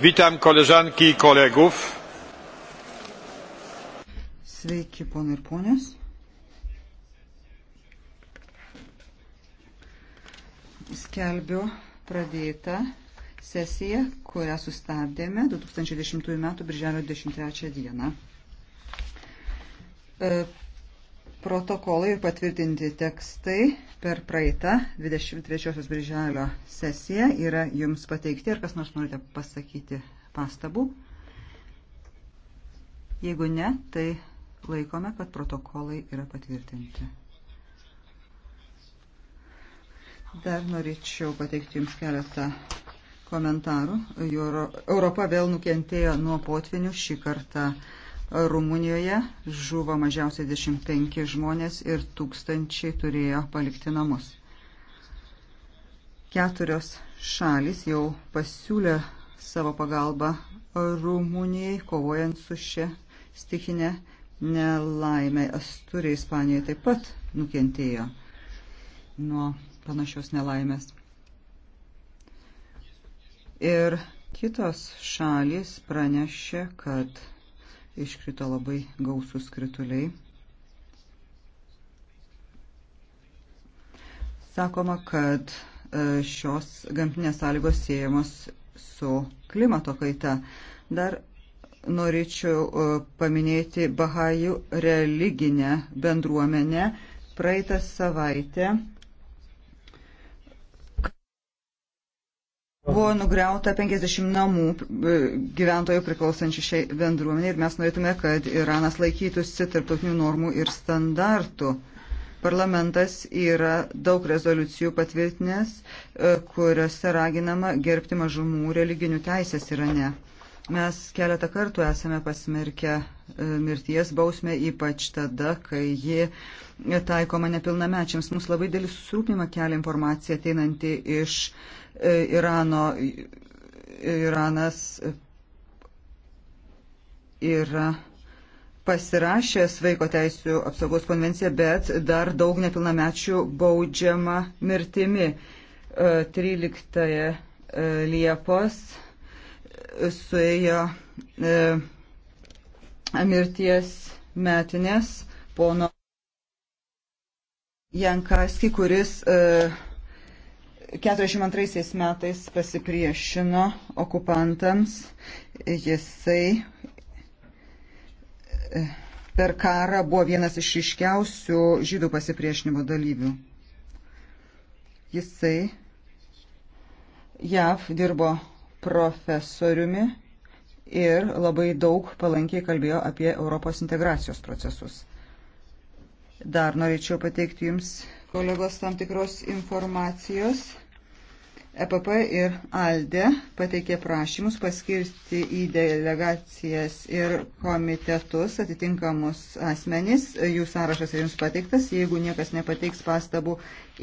Witam koleżanki i kolegów. Sveiki, ponai ir ponios. Skelbiu pradėtą sesiją, kurią sustabdėme 2010 m. birželio 23 d protokolai ir patvirtinti tekstai per praeitą 23 birželio sesiją yra jums pateikti. Ar kas nors norite pasakyti pastabų? Jeigu ne, tai laikome, kad protokolai yra patvirtinti. Dar norėčiau pateikti jums keletą komentarų. Europa vėl nukentėjo nuo potvinių šį kartą. Rumunijoje žuvo mažiausiai 25 žmonės ir tūkstančiai turėjo palikti namus. Keturios šalis jau pasiūlė savo pagalbą Rumunijai, kovojant su šia stikinė nelaimė. Asturė Ispanijoje taip pat nukentėjo nuo panašios nelaimės. Ir kitos šalis pranešė, kad iškrito labai gausūs krituliai. Sakoma, kad e, šios gamtinės sąlygos siejamos su klimato kaita. Dar norėčiau e, paminėti Bahajų religinę bendruomenę. Praeitą savaitę buvo nugriauta 50 namų e, gyventojų priklausančių šiai bendruomeniai ir mes norėtume, kad Iranas laikytųsi tarptautinių normų ir standartų. Parlamentas yra daug rezoliucijų patvirtinęs, e, kuriuose raginama gerbti mažumų religinių teisės Irane. Mes keletą kartų esame pasmerkę mirties bausmę, ypač tada, kai ji taikoma nepilnamečiams. Mums labai dėlis susirūpimą kelia informacija ateinanti iš e, Irano. Iranas e, yra pasirašęs vaiko teisų apsaugos konvenciją, bet dar daug nepilnamečių baudžiama mirtimi. 13 e, Liepos suėjo mirties metinės pono Jankaski, kuris 42 e, metais pasipriešino okupantams. Jisai e, per karą buvo vienas iš iškiausių žydų pasipriešinimo dalyvių. Jisai JAV dirbo profesoriumi ir labai daug palankiai kalbėjo apie Europos integracijos procesus. Dar norėčiau pateikti Jums, kolegos, tam tikros informacijos. EPP ir ALDE pateikė prašymus paskirti į delegacijas ir komitetus atitinkamus asmenys. Jų sąrašas yra jums pateiktas. Jeigu niekas nepateiks pastabų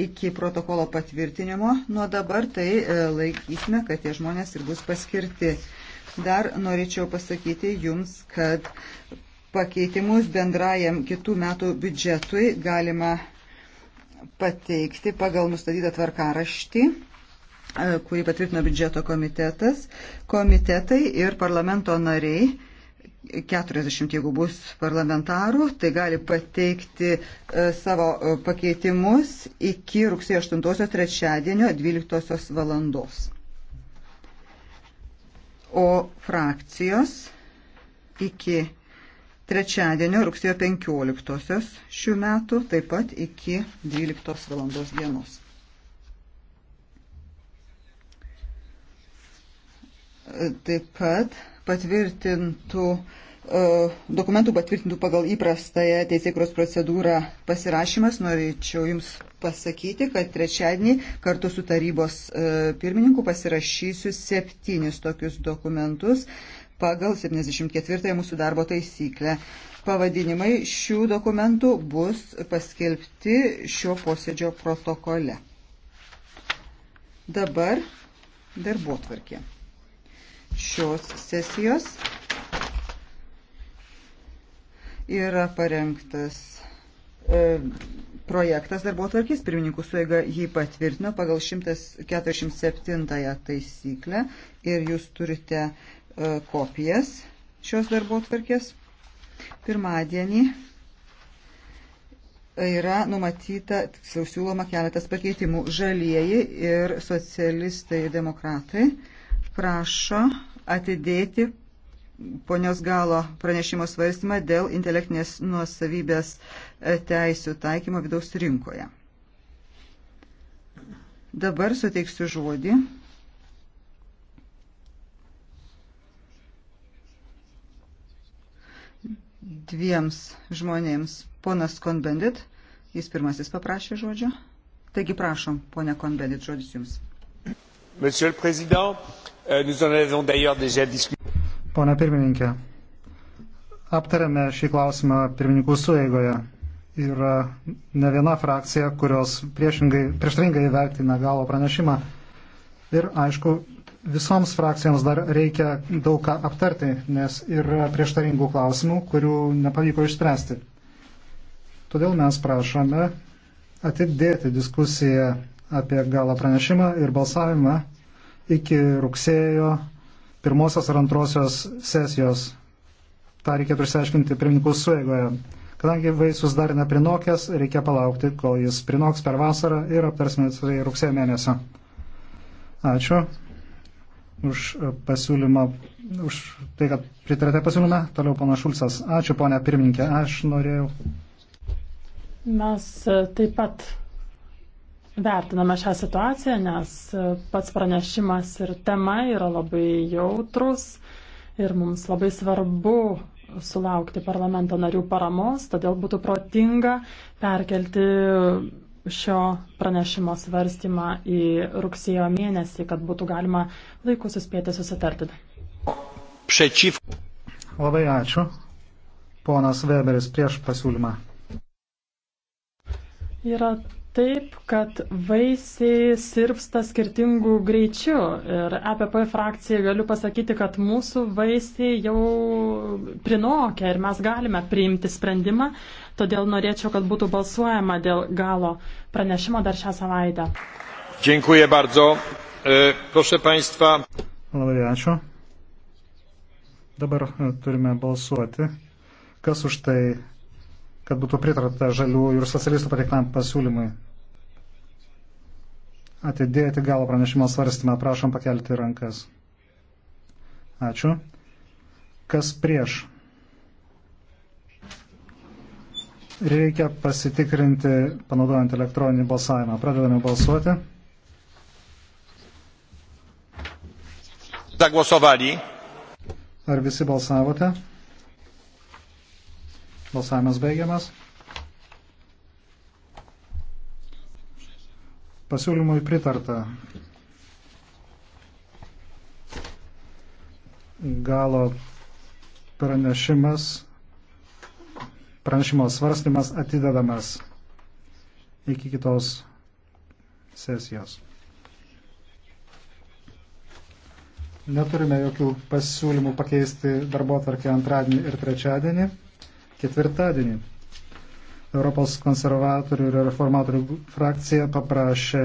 iki protokolo patvirtinimo nuo dabar, tai e, laikysime, kad tie žmonės ir bus paskirti. Dar norėčiau pasakyti Jums, kad pakeitimus bendrajam kitų metų biudžetui galima pateikti pagal nustatytą tvarkaraštį e, kurį patvirtino biudžeto komitetas, komitetai ir parlamento nariai 40, jeigu bus parlamentarų, tai gali pateikti e, savo e, pakeitimus iki rugsėjo 8 trečiadienio 12 valandos o frakcijos iki trečiadienio rugsėjo 15 šių metų taip pat iki 12 valandos dienos. Taip pat patvirtintų e, dokumentų patvirtintų pagal įprastąją teisėkros procedūrą pasirašymas. Norėčiau Jums pasakyti, kad trečiadienį kartu su tarybos e, pirmininku pasirašysiu septynis tokius dokumentus pagal 74 mūsų darbo taisyklę. Pavadinimai šių dokumentų bus paskelbti šio posėdžio protokole. Dabar darbo tvarkė. Šios sesijos yra parengtas e, projektas darbo tvarkys pirmininkų suėga jį patvirtino pagal 147 taisyklę ir jūs turite e, kopijas šios darbo tvarkės. Pirmadienį yra numatyta, tiksliau siūloma keletas pakeitimų. Žalieji ir socialistai demokratai prašo atidėti ponios galo pranešimo svarstymą dėl intelektinės nuosavybės e, teisių taikymo vidaus rinkoje. Dabar suteiksiu žodį. Dviems žmonėms. Ponas Konbendit, jis pirmasis paprašė žodžio. Taigi prašom, ponia Konbendit, žodis jums. Monsieur le Président, euh, nous en avons d'ailleurs déjà discuté. Pone pirmininkė, aptarėme šį klausimą pirmininkų sueigoje. Yra ne viena frakcija, kurios prieštaringai vertina galo pranešimą. Ir aišku, visoms frakcijoms dar reikia daug ką aptarti, nes yra prieštaringų klausimų, kurių nepavyko išspręsti. Todėl mes prašome atidėti diskusiją apie galą pranešimą ir balsavimą iki rugsėjo pirmosios ar antrosios sesijos. Ta reikėtų išsiaiškinti pirmininkų suėgoje. Kadangi vaisius dar neprinokęs, reikia palaukti, kol jis prinoks per vasarą ir aptarsime tai rugsėjo mėnesio. Ačiū už pasiūlymą, už tai, kad pritarėte pasiūlymą. Toliau pana Šulcas. Ačiū, ponia pirmininkė. Aš norėjau. Mes e, taip pat vertiname šią situaciją, nes pats pranešimas ir tema yra labai jautrus ir mums labai svarbu sulaukti parlamento narių paramos, todėl būtų protinga perkelti šio pranešimo svarstymą į rugsėjo mėnesį, kad būtų galima laiku suspėti susitarti. Priečiv. Labai ačiū. Ponas Weberis prieš pasiūlymą. Yra taip, kad vaisiai sirpsta skirtingų greičių. Ir EPP frakcijai galiu pasakyti, kad mūsų vaisiai jau prinokia ir mes galime priimti sprendimą. Todėl norėčiau, kad būtų balsuojama dėl galo pranešimo dar šią savaitę. Dziękuję bardzo. E, proszę Państwa. Labai ačiū. Dabar e, turime balsuoti. Kas už tai kad būtų pritarta žalių ir socialistų pateiktam pasiūlymui. Atidėti galo pranešimo svarstymą. Prašom pakelti rankas. Ačiū. Kas prieš? Reikia pasitikrinti, panaudojant elektroninį balsavimą. Pradedame balsuoti. Zagłosowali. Ar visi balsavote? Balsavimas baigiamas. Pasiūlymui pritarta. Galo pranešimas, pranešimo svarstymas atidedamas iki kitos sesijos. Neturime jokių pasiūlymų pakeisti darbo tvarkę antradienį ir trečiadienį ketvirtadienį. Europos konservatorių ir reformatorių frakcija paprašė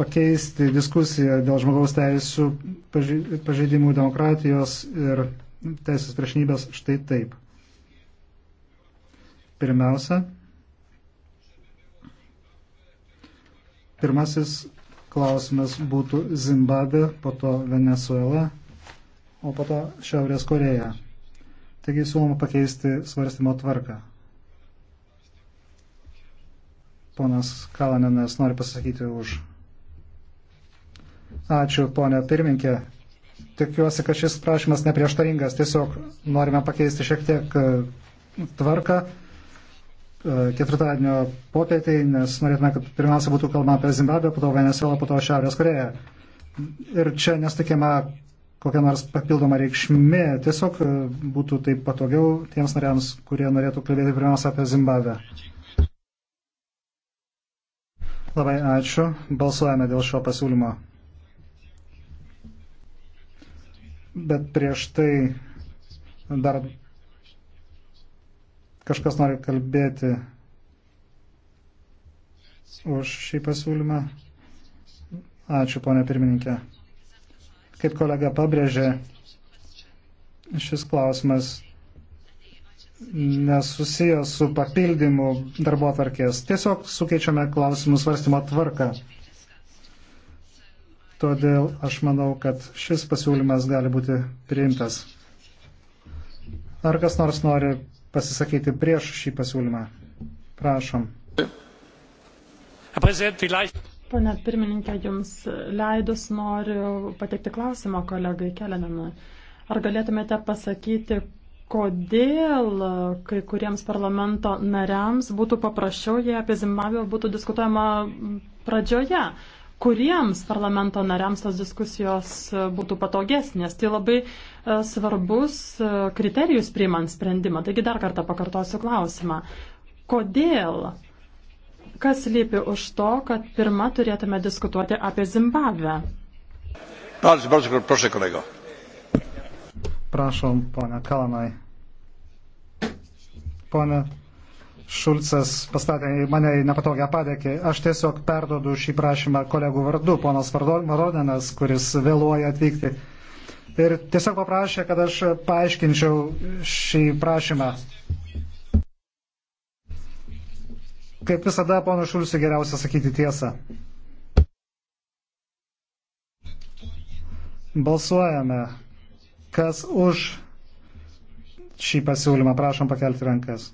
pakeisti diskusiją dėl žmogaus teisų pažeidimų demokratijos ir teisės priešnybės štai taip. Pirmiausia, pirmasis klausimas būtų Zimbabvė, po to Venezuela, o po to Šiaurės Koreja. Taigi siūloma pakeisti svarstymo tvarką. Ponas Kalanenas nori pasakyti už. Ačiū, ponė pirminkė. Tikiuosi, kad šis prašymas neprieštaringas. Tiesiog norime pakeisti šiek tiek e, tvarką e, ketvirtadienio popietį, nes norėtume, kad pirmiausia būtų kalbama apie Zimbabvę, po to Venezuelą, po to Šiaurės Koreją. Ir čia nesitikėma kokia nors papildoma reikšmė. Tiesiog e, būtų taip patogiau tiems nariams, kurie norėtų kalbėti pirmiausia apie Zimbabvę. Labai ačiū. Balsuojame dėl šio pasiūlymo. Bet prieš tai dar kažkas nori kalbėti už šį pasiūlymą. Ačiū, ponė pirmininkė. Kaip kolega pabrėžė, šis klausimas nesusijęs su papildymu darbo atvarkės. Tiesiog sukeičiame klausimų svarstymo tvarką. Todėl aš manau, kad šis pasiūlymas gali būti priimtas. Ar kas nors nori pasisakyti prieš šį pasiūlymą? Prašom. Herr Präsident, vielleicht Pane pirmininkė, jums leidus noriu pateikti klausimą kolegai Kelenamui. Ar galėtumėte pasakyti, kodėl kai kuriems parlamento nariams būtų paprasčiau, jei apie Zimbabvę būtų diskutuojama pradžioje? kuriems parlamento nariams tos diskusijos būtų patogesnės. Tai labai e, svarbus e, kriterijus priimant sprendimą. Taigi dar kartą pakartosiu klausimą. Kodėl Kas lypi už to, kad pirmą turėtume diskutuoti apie Zimbabvę? Bardzo, bardzo proszę kolego. Prašom, ponia Kalanai. Pone Šulcas pastatė mane į nepatogią padėkį. Aš tiesiog perdodu šį prašymą kolegų vardu, ponas Marodenas, kuris vėluoja atvykti. Ir tiesiog paprašė, kad aš paaiškinčiau šį prašymą. kaip visada, pono Šulsi, geriausia sakyti tiesą. Balsuojame, kas už šį pasiūlymą. Prašom pakelti rankas.